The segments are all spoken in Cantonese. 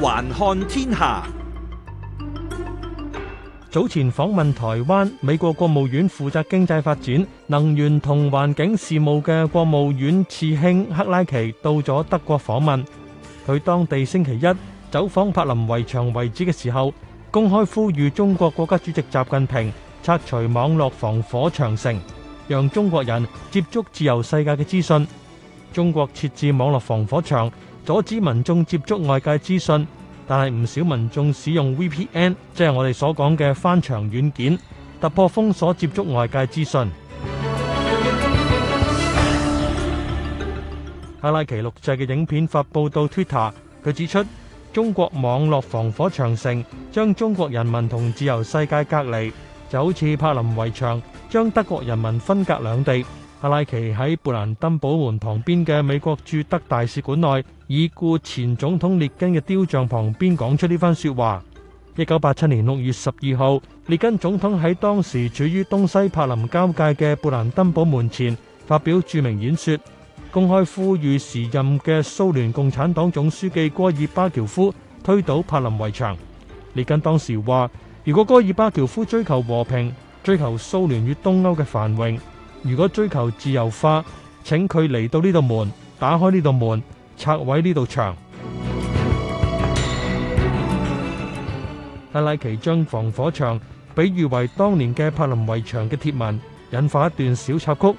環看天下，早前訪問台灣，美國國務院負責經濟發展、能源同環境事務嘅國務院次卿克拉奇到咗德國訪問。佢當地星期一走訪柏林圍牆遺址嘅時候，公開呼籲中國國家主席習近平拆除網絡防火長城，讓中國人接觸自由世界嘅資訊。中國設置網絡防火牆。阻止民眾接觸外界資訊，但係唔少民眾使用 VPN，即係我哋所講嘅翻牆軟件，突破封鎖接觸外界資訊。克拉奇錄製嘅影片發布到 Twitter，佢指出中國網絡防火長城將中國人民同自由世界隔離，就好似柏林圍牆將德國人民分隔兩地。克拉奇喺布蘭登堡門旁邊嘅美國駐德大使館內，已故前總統列根嘅雕像旁邊講出呢番說話。一九八七年六月十二號，列根總統喺當時處於東西柏林交界嘅布蘭登堡門前發表著名演說，公開呼籲時任嘅蘇聯共產黨總書記戈爾巴喬夫推倒柏林圍牆。列根當時話：如果戈爾巴喬夫追求和平、追求蘇聯與東歐嘅繁榮，如果追求自由化，請佢嚟到呢度門，打開呢度門，拆毀呢度牆。克拉奇將防火牆比喻為當年嘅柏林圍牆嘅鐵門，引發一段小插曲。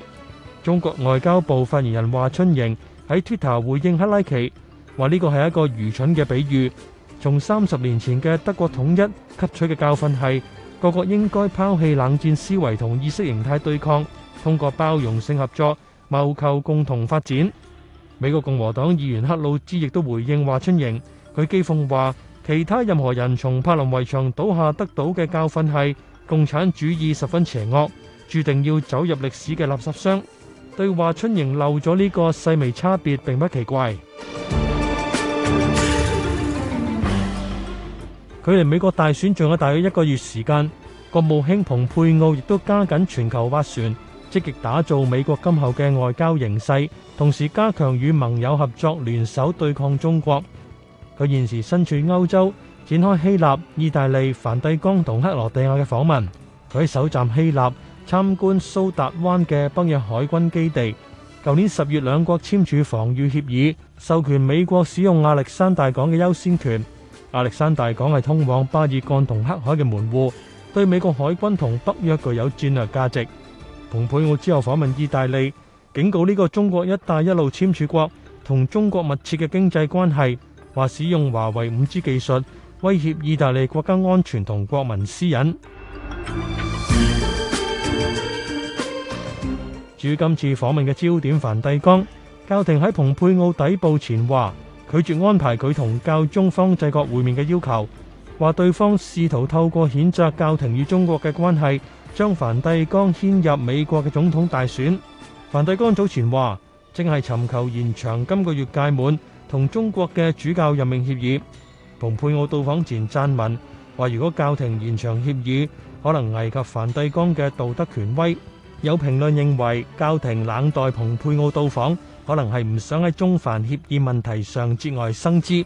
中國外交部發言人華春瑩喺 Twitter 回應克拉奇，話呢個係一個愚蠢嘅比喻。從三十年前嘅德國統一吸取嘅教訓係，各國應該拋棄冷戰思維同意識形態對抗。通過包容性合作，謀求共同發展。美國共和黨議員克魯茲亦都回應華春瑩，佢譏諷話：其他任何人從柏林圍牆倒下得到嘅教訓係共產主義十分邪惡，注定要走入歷史嘅垃圾箱。對華春瑩漏咗呢個細微差別，並不奇怪。距離美國大選仲有大約一個月時間，國務卿蓬佩奧亦都加緊全球斡旋。積極打造美國今後嘅外交形勢，同時加強與盟友合作，聯手對抗中國。佢現時身處歐洲，展開希臘、意大利、梵蒂岡同克羅地亞嘅訪問。佢喺首站希臘參觀蘇達灣嘅北約海軍基地。舊年十月，兩國簽署防禦協議，授權美國使用亞歷山大港嘅優先權。亞歷山大港係通往巴爾幹同黑海嘅門戶，對美國海軍同北約具有戰略價值。蓬佩奧之後訪問意大利，警告呢個中國“一帶一路”簽署國同中國密切嘅經濟關係，話使用華為五 G 技術威脅意大利國家安全同國民私隱。 至於今次訪問嘅焦點，梵蒂岡教廷喺蓬佩奧抵步前話，拒絕安排佢同教宗方濟各會面嘅要求，話對方試圖透過譴責教廷與中國嘅關係。將梵蒂岡牽入美國嘅總統大選。梵蒂岡早前話，正係尋求延長今個月屆滿同中國嘅主教任命協議。蓬佩奧到訪前撰文，話如果教廷延長協議，可能危及梵蒂岡嘅道德權威。有評論認為，教廷冷待蓬佩奧到訪，可能係唔想喺中梵協議問題上節外生枝。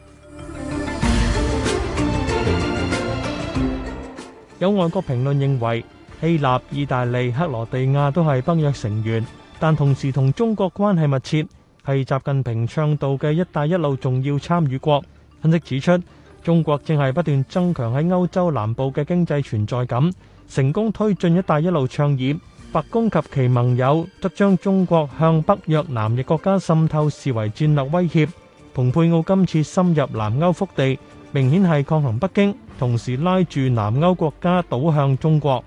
有外國評論認為。希臘、意大利、克羅地亞都係北約成員，但同時同中國關係密切，係習近平倡導嘅「一帶一路」重要參與國。分析指出，中國正係不斷增強喺歐洲南部嘅經濟存在感，成功推進「一帶一路」倡議，白宮及其盟友則將中國向北約南翼國家滲透視為戰略威脅，蓬佩奧今次深入南歐腹地，明顯係抗衡北京，同時拉住南歐國家倒向中國。